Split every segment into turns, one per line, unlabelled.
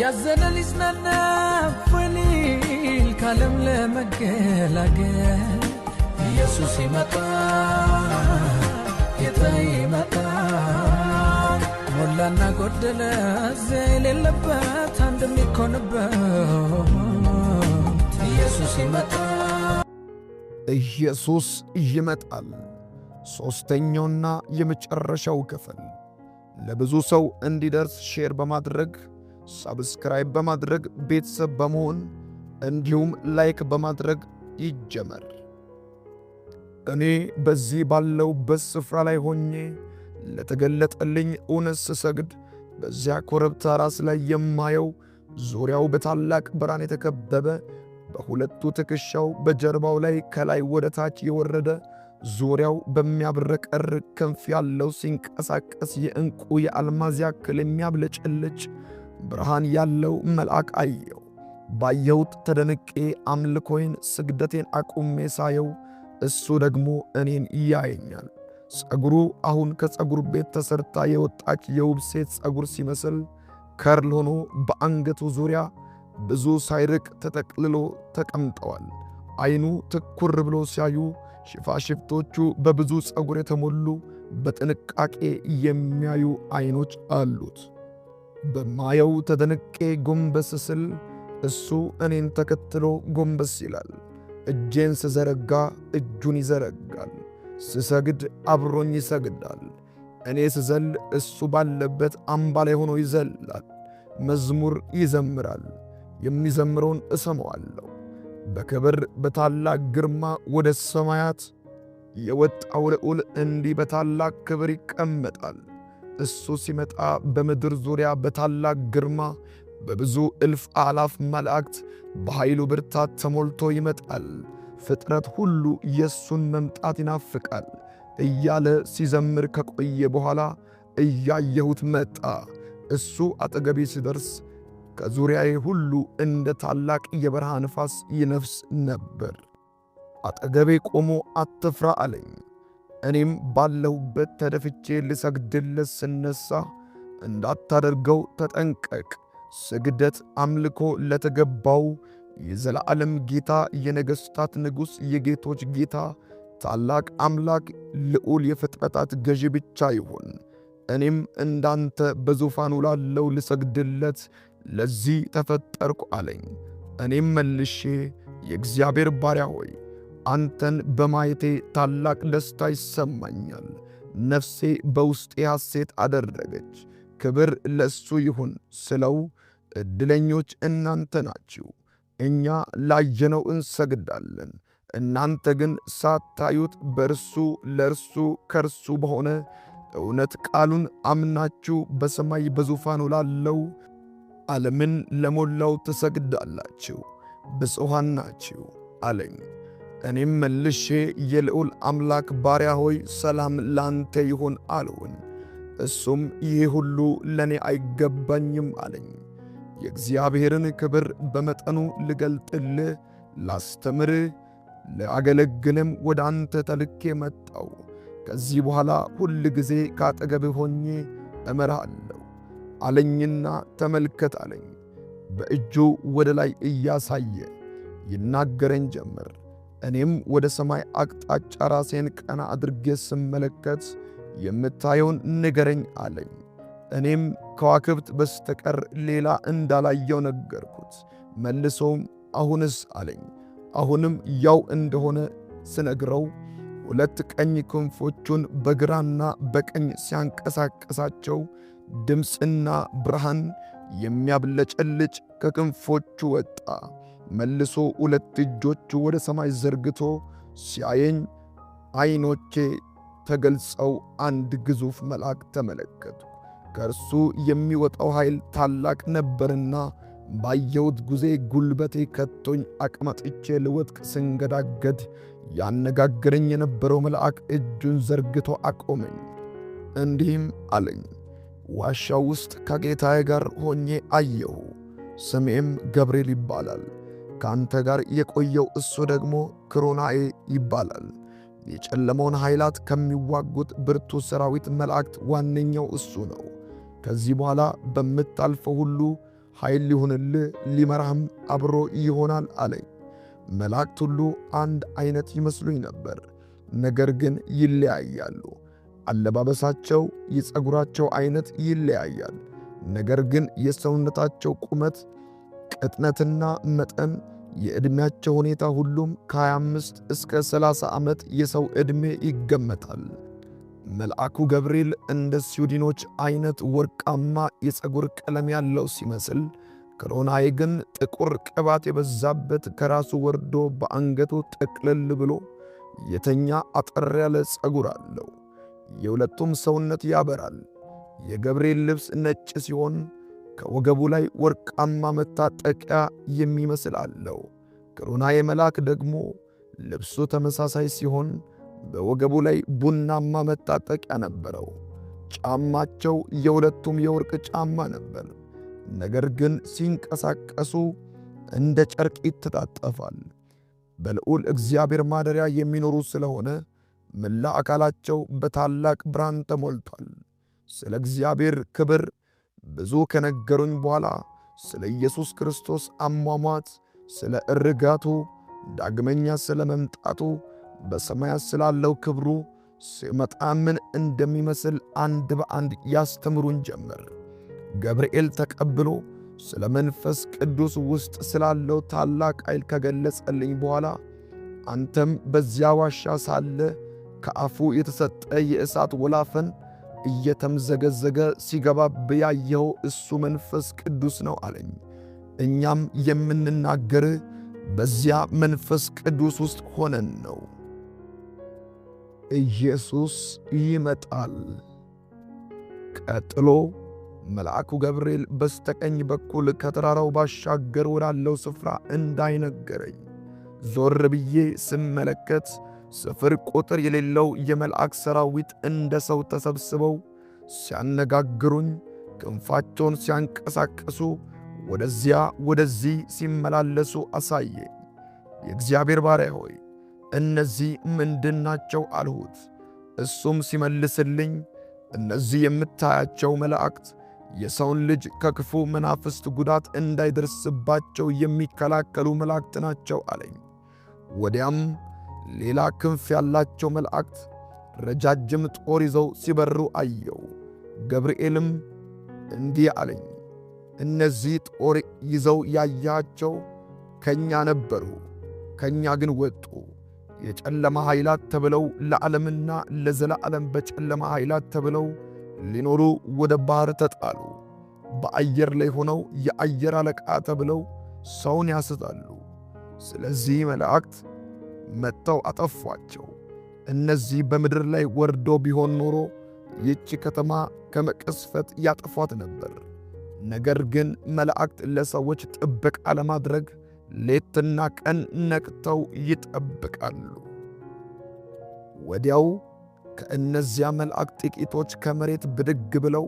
ያዘነ ሊዝናና ካለም ለመገላገል ኢየሱስ ጌታ ሞላና ጎደለ እዚያ የሌለበት አንድ የሚኮንበት ኢየሱስ ኢየሱስ ይመጣል። ሦስተኛውና የመጨረሻው ክፍል ለብዙ ሰው እንዲደርስ ሼር በማድረግ ሳብስክራይብ በማድረግ ቤተሰብ በመሆን እንዲሁም ላይክ በማድረግ ይጀመር። እኔ በዚህ ባለውበት ስፍራ ላይ ሆኜ ለተገለጠልኝ እውነት ስሰግድ በዚያ ኮረብታ ራስ ላይ የማየው ዙሪያው በታላቅ ብርሃን የተከበበ በሁለቱ ትከሻው በጀርባው ላይ ከላይ ወደ ታች የወረደ ዙሪያው በሚያብረቀርቅ ክንፍ ያለው ሲንቀሳቀስ የእንቁ የአልማዝ ያክል የሚያብለጭልጭ ብርሃን ያለው መልአክ አየው። ባየሁት ተደንቄ አምልኮዬን ስግደቴን አቁሜ ሳየው እሱ ደግሞ እኔን እያየኛል። ጸጉሩ አሁን ከጸጉር ቤት ተሰርታ የወጣች የውብ ሴት ጸጉር ሲመስል ከርል ሆኖ በአንገቱ ዙሪያ ብዙ ሳይርቅ ተጠቅልሎ ተቀምጠዋል። አይኑ ትኩር ብሎ ሲያዩ ሽፋሽፍቶቹ በብዙ ጸጉር የተሞሉ በጥንቃቄ የሚያዩ አይኖች አሉት። በማየው ተደንቄ ጎንበስ ስል እሱ እኔን ተከትሎ ጎንበስ ይላል። እጄን ስዘረጋ እጁን ይዘረጋል። ስሰግድ አብሮኝ ይሰግዳል። እኔ ስዘል እሱ ባለበት አምባ ላይ ሆኖ ይዘላል። መዝሙር ይዘምራል። የሚዘምረውን እሰማዋለሁ። በክብር በታላቅ ግርማ ወደ ሰማያት የወጣው ልዑል እንዲህ በታላቅ ክብር ይቀመጣል። እሱ ሲመጣ በምድር ዙሪያ በታላቅ ግርማ በብዙ እልፍ አላፍ መላእክት በኃይሉ ብርታት ተሞልቶ ይመጣል። ፍጥረት ሁሉ የእሱን መምጣት ይናፍቃል እያለ ሲዘምር ከቆየ በኋላ እያየሁት መጣ። እሱ አጠገቤ ሲደርስ ከዙሪያዬ ሁሉ እንደ ታላቅ የበረሃ ንፋስ ይነፍስ ነበር። አጠገቤ ቆሞ አትፍራ አለኝ። እኔም ባለሁበት ተደፍቼ ልሰግድለት ስነሳ እንዳታደርገው ተጠንቀቅ። ስግደት አምልኮ ለተገባው የዘላለም ጌታ የነገሥታት ንጉሥ የጌቶች ጌታ ታላቅ አምላክ ልዑል የፍጥረታት ገዢ ብቻ ይሁን። እኔም እንዳንተ በዙፋኑ ላለው ልሰግድለት ለዚህ ተፈጠርኩ አለኝ። እኔም መልሼ የእግዚአብሔር ባሪያ ሆይ አንተን በማየቴ ታላቅ ደስታ ይሰማኛል። ነፍሴ በውስጤ ሐሴት አደረገች። ክብር ለእሱ ይሁን ስለው ዕድለኞች እናንተ ናችሁ፣ እኛ ላየነው እንሰግዳለን፣ እናንተ ግን ሳታዩት በእርሱ ለእርሱ ከእርሱ በሆነ እውነት ቃሉን አምናችሁ በሰማይ በዙፋኑ ላለው ዓለምን ለሞላው ትሰግዳላችሁ። ብፁዓን ናችሁ አለኝ። እኔም መልሼ የልዑል አምላክ ባሪያ ሆይ ሰላም ላንተ ይሁን አልሁን። እሱም ይህ ሁሉ ለእኔ አይገባኝም አለኝ። የእግዚአብሔርን ክብር በመጠኑ ልገልጥልህ፣ ላስተምርህ፣ ላገለግልም ወደ አንተ ተልኬ መጣው። ከዚህ በኋላ ሁል ጊዜ ካጠገብ ሆኜ እመራሃለሁ አለኝና ተመልከት አለኝ። በእጁ ወደ ላይ እያሳየ ይናገረኝ ጀመር። እኔም ወደ ሰማይ አቅጣጫ ራሴን ቀና አድርጌ ስመለከት የምታየውን ንገረኝ አለኝ። እኔም ከዋክብት በስተቀር ሌላ እንዳላየው ነገርኩት። መልሶም አሁንስ አለኝ። አሁንም ያው እንደሆነ ስነግረው ሁለት ቀኝ ክንፎቹን በግራና በቀኝ ሲያንቀሳቀሳቸው ድምፅና ብርሃን የሚያብለጨልጭ ከክንፎቹ ወጣ። መልሶ ሁለት እጆቹ ወደ ሰማይ ዘርግቶ ሲያየኝ አይኖቼ ተገልጸው አንድ ግዙፍ መልአክ ተመለከቱ። ከእርሱ የሚወጣው ኃይል ታላቅ ነበርና ባየሁት ጊዜ ጉልበቴ ከቶኝ አቅማጥቼ ልወድቅ ስንገዳገድ ያነጋግረኝ የነበረው መልአክ እጁን ዘርግቶ አቆመኝ። እንዲህም አለኝ፣ ዋሻው ውስጥ ከጌታዬ ጋር ሆኜ አየሁ። ስሜም ገብርኤል ይባላል። ከአንተ ጋር የቆየው እሱ ደግሞ ክሮናኤ ይባላል። የጨለመውን ኃይላት ከሚዋጉት ብርቱ ሰራዊት መላእክት ዋነኛው እሱ ነው። ከዚህ በኋላ በምታልፈው ሁሉ ኃይል ሊሆንልህ ሊመራህም አብሮ ይሆናል አለኝ። መላእክት ሁሉ አንድ አይነት ይመስሉኝ ነበር፣ ነገር ግን ይለያያሉ። አለባበሳቸው፣ የፀጉራቸው አይነት ይለያያል፣ ነገር ግን የሰውነታቸው ቁመት ቅጥነትና መጠን የዕድሜያቸው ሁኔታ ሁሉም ከ25 እስከ 30 ዓመት የሰው ዕድሜ ይገመታል። መልአኩ ገብርኤል እንደ ስዊድኖች አይነት ወርቃማ የፀጉር ቀለም ያለው ሲመስል ከሮናይ ግን ጥቁር ቅባት የበዛበት ከራሱ ወርዶ በአንገቱ ጥቅልል ብሎ የተኛ አጠር ያለ ፀጉር አለው። የሁለቱም ሰውነት ያበራል። የገብርኤል ልብስ ነጭ ሲሆን ከወገቡ ላይ ወርቃማ መታጠቂያ የሚመስል አለው። ከሮናዬ መልአክ ደግሞ ልብሱ ተመሳሳይ ሲሆን በወገቡ ላይ ቡናማ መታጠቂያ ነበረው። ጫማቸው የሁለቱም የወርቅ ጫማ ነበር፣ ነገር ግን ሲንቀሳቀሱ እንደ ጨርቅ ይተጣጠፋል። በልዑል እግዚአብሔር ማደሪያ የሚኖሩ ስለሆነ መላ አካላቸው በታላቅ ብርሃን ተሞልቷል። ስለ እግዚአብሔር ክብር ብዙ ከነገሩኝ በኋላ ስለ ኢየሱስ ክርስቶስ አሟሟት፣ ስለ እርጋቱ፣ ዳግመኛ ስለ መምጣቱ፣ በሰማያት ስላለው ክብሩ ሲመጣ ምን እንደሚመስል አንድ በአንድ ያስተምሩን ጀመር። ገብርኤል ተቀብሎ ስለ መንፈስ ቅዱስ ውስጥ ስላለው ታላቅ ኃይል ከገለጸልኝ በኋላ አንተም በዚያ ዋሻ ሳለ ከአፉ የተሰጠ የእሳት ወላፈን እየተምዘገዘገ ሲገባ ብያየኸው እሱ መንፈስ ቅዱስ ነው አለኝ። እኛም የምንናገርህ በዚያ መንፈስ ቅዱስ ውስጥ ሆነን ነው። ኢየሱስ ይመጣል። ቀጥሎ መልአኩ ገብርኤል በስተቀኝ በኩል ከተራራው ባሻገር ወዳለው ስፍራ እንዳይነገረኝ ዞር ብዬ ስመለከት ስፍር ቁጥር የሌለው የመልአክ ሰራዊት እንደ ሰው ተሰብስበው ሲያነጋግሩኝ፣ ክንፋቸውን ሲያንቀሳቅሱ፣ ወደዚያ ወደዚህ ሲመላለሱ አሳየ። የእግዚአብሔር ባሪያ ሆይ እነዚህ ምንድን ናቸው አልሁት። እሱም ሲመልስልኝ እነዚህ የምታያቸው መላእክት የሰውን ልጅ ከክፉ መናፍስት ጉዳት እንዳይደርስባቸው የሚከላከሉ መላእክት ናቸው አለኝ። ወዲያም ሌላ ክንፍ ያላቸው መላእክት ረጃጅም ጦር ይዘው ሲበሩ አየው። ገብርኤልም እንዲህ አለኝ፣ እነዚህ ጦር ይዘው ያያቸው ከእኛ ነበሩ፣ ከእኛ ግን ወጡ። የጨለማ ኃይላት ተብለው ለዓለምና ለዘላዓለም በጨለማ ኃይላት ተብለው ሊኖሩ ወደ ባሕር ተጣሉ። በአየር ላይ ሆነው የአየር አለቃ ተብለው ሰውን ያስታሉ። ስለዚህ መላእክት መጥተው አጠፏቸው። እነዚህ በምድር ላይ ወርዶ ቢሆን ኖሮ ይቺ ከተማ ከመቀስፈት ያጠፏት ነበር። ነገር ግን መላእክት ለሰዎች ጥበቃ ለማድረግ ሌትና ቀን ነቅተው ይጠብቃሉ። ወዲያው ከእነዚያ መላእክት ጥቂቶች ከመሬት ብድግ ብለው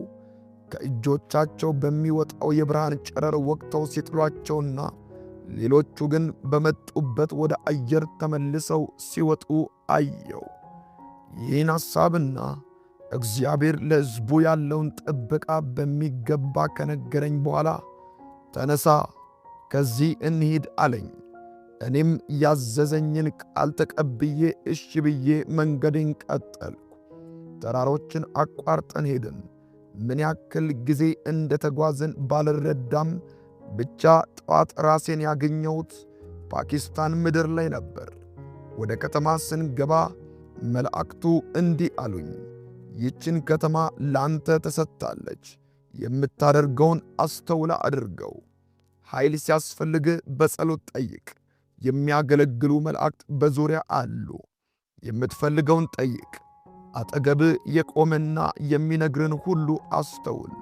ከእጆቻቸው በሚወጣው የብርሃን ጨረር ወቅተው ሲጥሏቸውና ሌሎቹ ግን በመጡበት ወደ አየር ተመልሰው ሲወጡ አየው። ይህን ሐሳብና እግዚአብሔር ለሕዝቡ ያለውን ጥበቃ በሚገባ ከነገረኝ በኋላ ተነሳ፣ ከዚህ እንሂድ አለኝ። እኔም ያዘዘኝን ቃል ተቀብዬ እሺ ብዬ መንገድን ቀጠልኩ። ተራሮችን አቋርጠን ሄድን። ምን ያክል ጊዜ ተጓዝን ባልረዳም ብቻ ጠዋት ራሴን ያገኘሁት ፓኪስታን ምድር ላይ ነበር። ወደ ከተማ ስንገባ መላእክቱ እንዲህ አሉኝ፣ ይችን ከተማ ላንተ ተሰጥታለች። የምታደርገውን አስተውላ አድርገው። ኃይል ሲያስፈልግ በጸሎት ጠይቅ። የሚያገለግሉ መላእክት በዙሪያ አሉ። የምትፈልገውን ጠይቅ። አጠገብ የቆመና የሚነግርን ሁሉ አስተውል።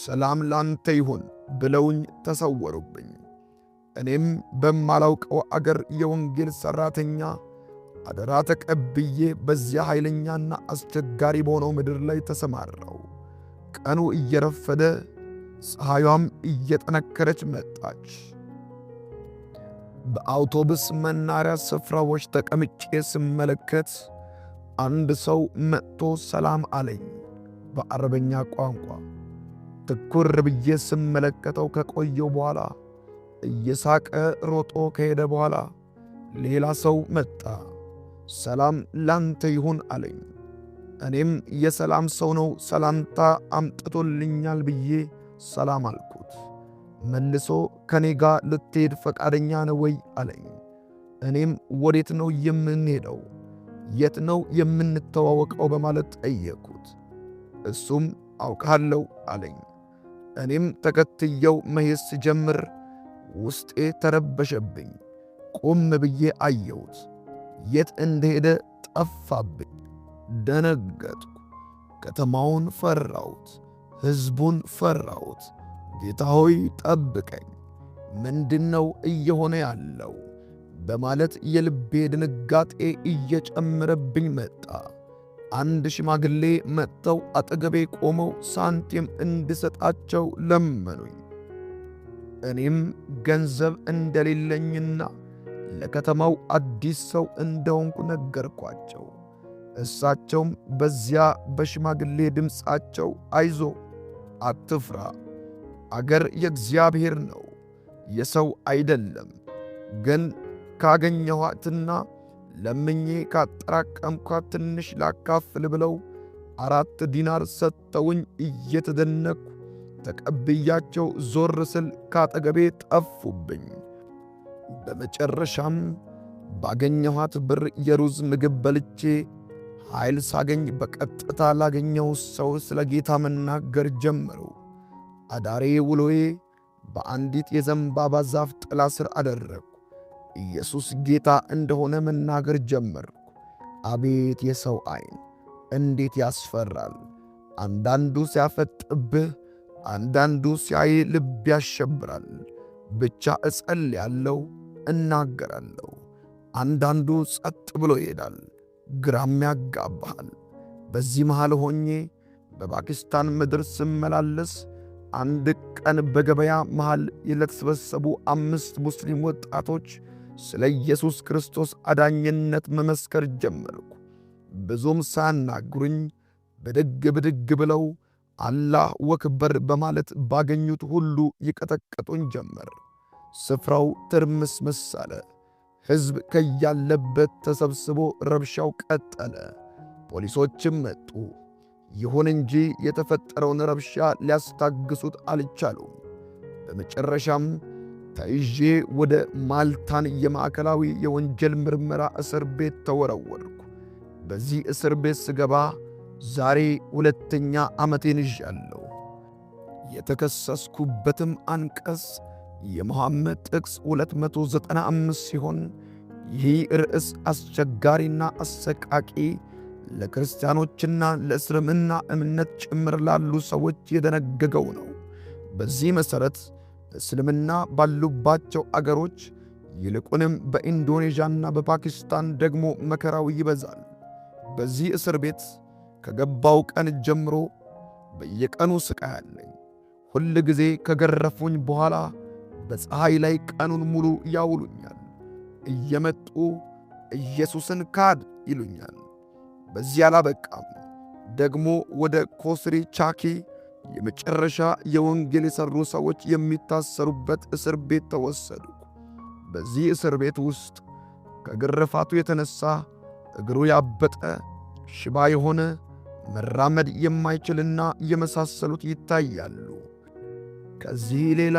ሰላም ላንተ ይሁን ብለውኝ ተሰወሩብኝ። እኔም በማላውቀው አገር የወንጌል ሠራተኛ አደራ ተቀብዬ በዚያ ኃይለኛና አስቸጋሪ በሆነው ምድር ላይ ተሰማራው። ቀኑ እየረፈደ ፀሐዩም እየጠነከረች መጣች። በአውቶቡስ መናሪያ ስፍራዎች ተቀምጬ ስመለከት አንድ ሰው መጥቶ ሰላም አለኝ በአረበኛ ቋንቋ። ትኩር ብዬ ስመለከተው ከቆየው በኋላ እየሳቀ ሮጦ ከሄደ በኋላ ሌላ ሰው መጣ። ሰላም ላንተ ይሁን አለኝ። እኔም የሰላም ሰው ነው ሰላምታ አምጥቶልኛል ብዬ ሰላም አልኩት። መልሶ ከኔ ጋር ልትሄድ ፈቃደኛ ነው ወይ አለኝ። እኔም ወዴት ነው የምንሄደው? የት ነው የምንተዋወቀው? በማለት ጠየቅኩት። እሱም አውቃለሁ አለኝ። እኔም ተከትየው መሄድ ስጀምር ውስጤ ተረበሸብኝ። ቆም ብዬ አየሁት። የት እንደሄደ ጠፋብኝ። ደነገጥኩ። ከተማውን ፈራሁት። ሕዝቡን ፈራሁት። ጌታ ሆይ ጠብቀኝ፣ ምንድነው እየሆነ ያለው በማለት የልቤ ድንጋጤ እየጨመረብኝ መጣ። አንድ ሽማግሌ መጥተው አጠገቤ ቆመው ሳንቲም እንድሰጣቸው ለመኑኝ። እኔም ገንዘብ እንደሌለኝና ለከተማው አዲስ ሰው እንደሆንኩ ነገርኳቸው። እሳቸውም በዚያ በሽማግሌ ድምፃቸው አይዞ፣ አትፍራ፣ አገር የእግዚአብሔር ነው፣ የሰው አይደለም። ግን ካገኘኋትና ለምኜ ካጠራቀምኳት ትንሽ ላካፍል ብለው አራት ዲናር ሰጥተውኝ እየተደነቅኩ ተቀብያቸው ዞር ስል ካጠገቤ ጠፉብኝ። በመጨረሻም ባገኘኋት ብር የሩዝ ምግብ በልቼ ኃይል ሳገኝ በቀጥታ ላገኘው ሰው ስለ ጌታ መናገር ጀመረው። አዳሬ ውሎዬ በአንዲት የዘንባባ ዛፍ ጥላ ስር አደረግኩ። ኢየሱስ ጌታ እንደሆነ መናገር ጀመርኩ። አቤት የሰው ዐይን እንዴት ያስፈራል! አንዳንዱ ሲያፈጥብህ፣ አንዳንዱ ሲያይ ልብ ያሸብራል። ብቻ እጸልያለሁ፣ እናገራለሁ። አንዳንዱ ጸጥ ብሎ ይሄዳል፣ ግራም ያጋባሃል። በዚህ መሃል ሆኜ በፓኪስታን ምድር ስመላለስ አንድ ቀን በገበያ መሃል የተሰበሰቡ አምስት ሙስሊም ወጣቶች ስለ ኢየሱስ ክርስቶስ አዳኝነት መመስከር ጀመርኩ። ብዙም ሳያናግሩኝ ብድግ ብድግ ብለው አላህ ወክበር በማለት ባገኙት ሁሉ ይቀጠቀጡኝ ጀመር። ስፍራው ትርምስምስ አለ። ሕዝብ ከያለበት ተሰብስቦ ረብሻው ቀጠለ። ፖሊሶችም መጡ። ይሁን እንጂ የተፈጠረውን ረብሻ ሊያስታግሱት አልቻሉም። በመጨረሻም ተይዤ ወደ ማልታን የማዕከላዊ የወንጀል ምርመራ እስር ቤት ተወረወርኩ። በዚህ እስር ቤት ስገባ ዛሬ ሁለተኛ ዓመቴን ይዣለሁ። የተከሰስኩበትም አንቀጽ የመሐመድ ጥቅስ 295 ሲሆን ይህ ርዕስ አስቸጋሪና አሰቃቂ ለክርስቲያኖችና ለእስልምና እምነት ጭምር ላሉ ሰዎች የደነገገው ነው። በዚህ መሠረት እስልምና ባሉባቸው አገሮች ይልቁንም በኢንዶኔዥያና በፓኪስታን ደግሞ መከራው ይበዛል። በዚህ እስር ቤት ከገባው ቀን ጀምሮ በየቀኑ ስቃይ አለኝ። ሁል ጊዜ ከገረፉኝ በኋላ በፀሐይ ላይ ቀኑን ሙሉ ያውሉኛል። እየመጡ ኢየሱስን ካድ ይሉኛል። በዚህ አላበቃም። ደግሞ ወደ ኮስሪ ቻኪ የመጨረሻ የወንጌል የሰሩ ሰዎች የሚታሰሩበት እስር ቤት ተወሰዱ በዚህ እስር ቤት ውስጥ ከግርፋቱ የተነሳ እግሩ ያበጠ ሽባ የሆነ መራመድ የማይችልና የመሳሰሉት ይታያሉ። ከዚህ ሌላ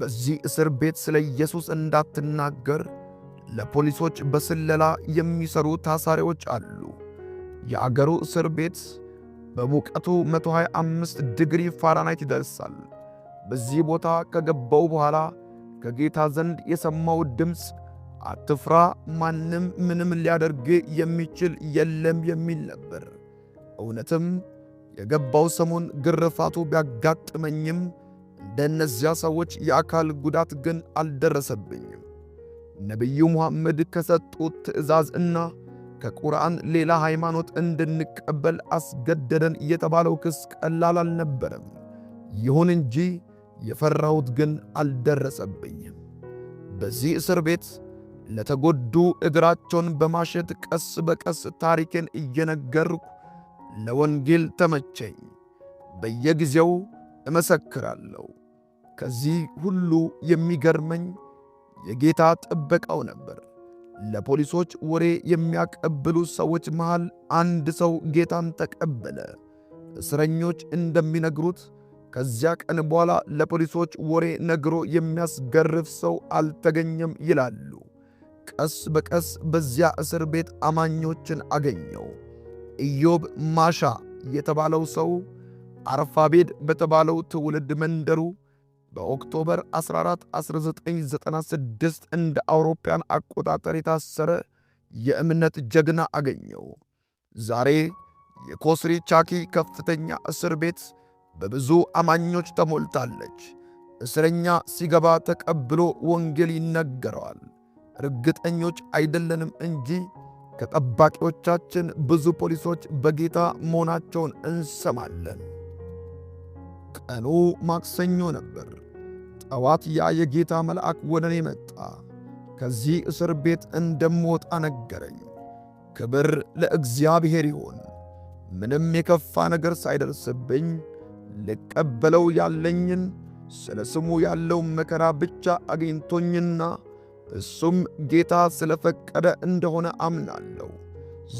በዚህ እስር ቤት ስለ ኢየሱስ እንዳትናገር ለፖሊሶች በስለላ የሚሰሩ ታሳሪዎች አሉ። የአገሩ እስር ቤት በሙቀቱ 125 ዲግሪ ፋራናይት ይደርሳል። በዚህ ቦታ ከገባው በኋላ ከጌታ ዘንድ የሰማው ድምፅ አትፍራ፣ ማንም ምንም ሊያደርግ የሚችል የለም የሚል ነበር። እውነትም የገባው ሰሞን ግርፋቱ ቢያጋጥመኝም እንደነዚያ ሰዎች የአካል ጉዳት ግን አልደረሰብኝም። ነቢዩ ሙሐመድ ከሰጡት ትእዛዝ እና ከቁርአን ሌላ ሃይማኖት እንድንቀበል አስገደደን የተባለው ክስ ቀላል አልነበረም። ይሁን እንጂ የፈራሁት ግን አልደረሰብኝም። በዚህ እስር ቤት ለተጎዱ እግራቸውን በማሸት ቀስ በቀስ ታሪኬን እየነገርኩ ለወንጌል ተመቸኝ። በየጊዜው እመሰክራለሁ። ከዚህ ሁሉ የሚገርመኝ የጌታ ጥበቃው ነበር። ለፖሊሶች ወሬ የሚያቀብሉ ሰዎች መሃል አንድ ሰው ጌታን ተቀበለ። እስረኞች እንደሚነግሩት ከዚያ ቀን በኋላ ለፖሊሶች ወሬ ነግሮ የሚያስገርፍ ሰው አልተገኘም ይላሉ። ቀስ በቀስ በዚያ እስር ቤት አማኞችን አገኘው። ኢዮብ ማሻ የተባለው ሰው አርፋቤድ በተባለው ትውልድ መንደሩ በኦክቶበር 14 1996 እንደ አውሮፓያን አቆጣጠር የታሰረ የእምነት ጀግና አገኘው። ዛሬ የኮስሪ ቻኪ ከፍተኛ እስር ቤት በብዙ አማኞች ተሞልታለች። እስረኛ ሲገባ ተቀብሎ ወንጌል ይነገረዋል። እርግጠኞች አይደለንም እንጂ ከጠባቂዎቻችን ብዙ ፖሊሶች በጌታ መሆናቸውን እንሰማለን። ቀኑ ማክሰኞ ነበር። ጠዋት ያየ ጌታ መልአክ ወደ እኔ መጣ፣ ከዚህ እስር ቤት እንደምወጣ ነገረኝ። ክብር ለእግዚአብሔር ይሁን። ምንም የከፋ ነገር ሳይደርስብኝ ልቀበለው ያለኝን ስለ ስሙ ያለው መከራ ብቻ አግኝቶኝና እሱም ጌታ ስለ ፈቀደ እንደሆነ አምናለሁ።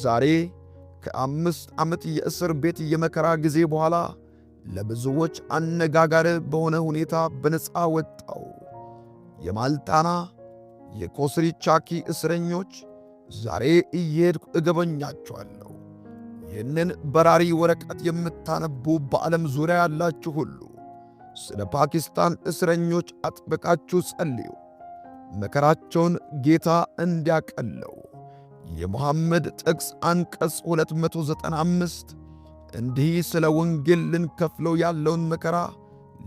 ዛሬ ከአምስት ዓመት የእስር ቤት የመከራ ጊዜ በኋላ ለብዙዎች አነጋጋሪ በሆነ ሁኔታ በነፃ ወጣው። የማልጣና የኮስሪቻኪ እስረኞች ዛሬ እየሄድኩ እገበኛቸዋለሁ። ይህንን በራሪ ወረቀት የምታነቡ በዓለም ዙሪያ ያላችሁ ሁሉ ስለ ፓኪስታን እስረኞች አጥብቃችሁ ጸልዩ። መከራቸውን ጌታ እንዲያቀለው የሙሐመድ ጥቅስ አንቀጽ 295 እንዲህ ስለ ወንጌል ልንከፍለው ያለውን መከራ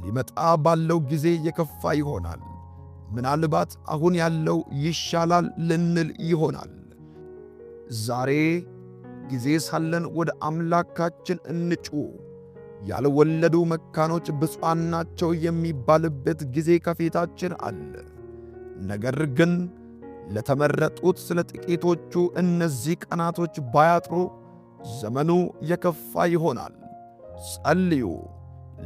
ሊመጣ ባለው ጊዜ የከፋ ይሆናል። ምናልባት አሁን ያለው ይሻላል ልንል ይሆናል። ዛሬ ጊዜ ሳለን ወደ አምላካችን እንጩ! ያልወለዱ መካኖች ብፁዓን ናቸው የሚባልበት ጊዜ ከፊታችን አለ። ነገር ግን ለተመረጡት ስለ ጥቂቶቹ እነዚህ ቀናቶች ባያጥሩ ዘመኑ የከፋ ይሆናል። ጸልዩ።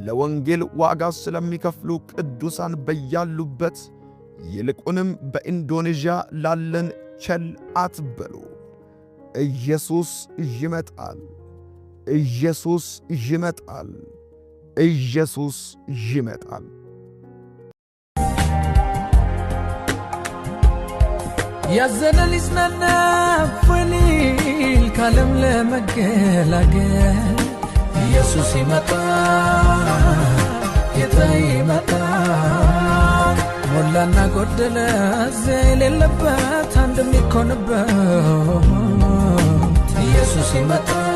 ለወንጌል ዋጋ ስለሚከፍሉ ቅዱሳን በያሉበት ይልቁንም በኢንዶኔዥያ ላለን ቸል አትበሉ። ኢየሱስ ይመጣል። ኢየሱስ ይመጣል። ኢየሱስ ይመጣል። ያዘነ ሊጽናና ካለም ለመገላገል ኢየሱስ ይመጣ ጌታ ይመጣ ሞላና ጎደለ ዜ የሌለበት አንድ የሚኮንበት ኢየሱስ ይመጣ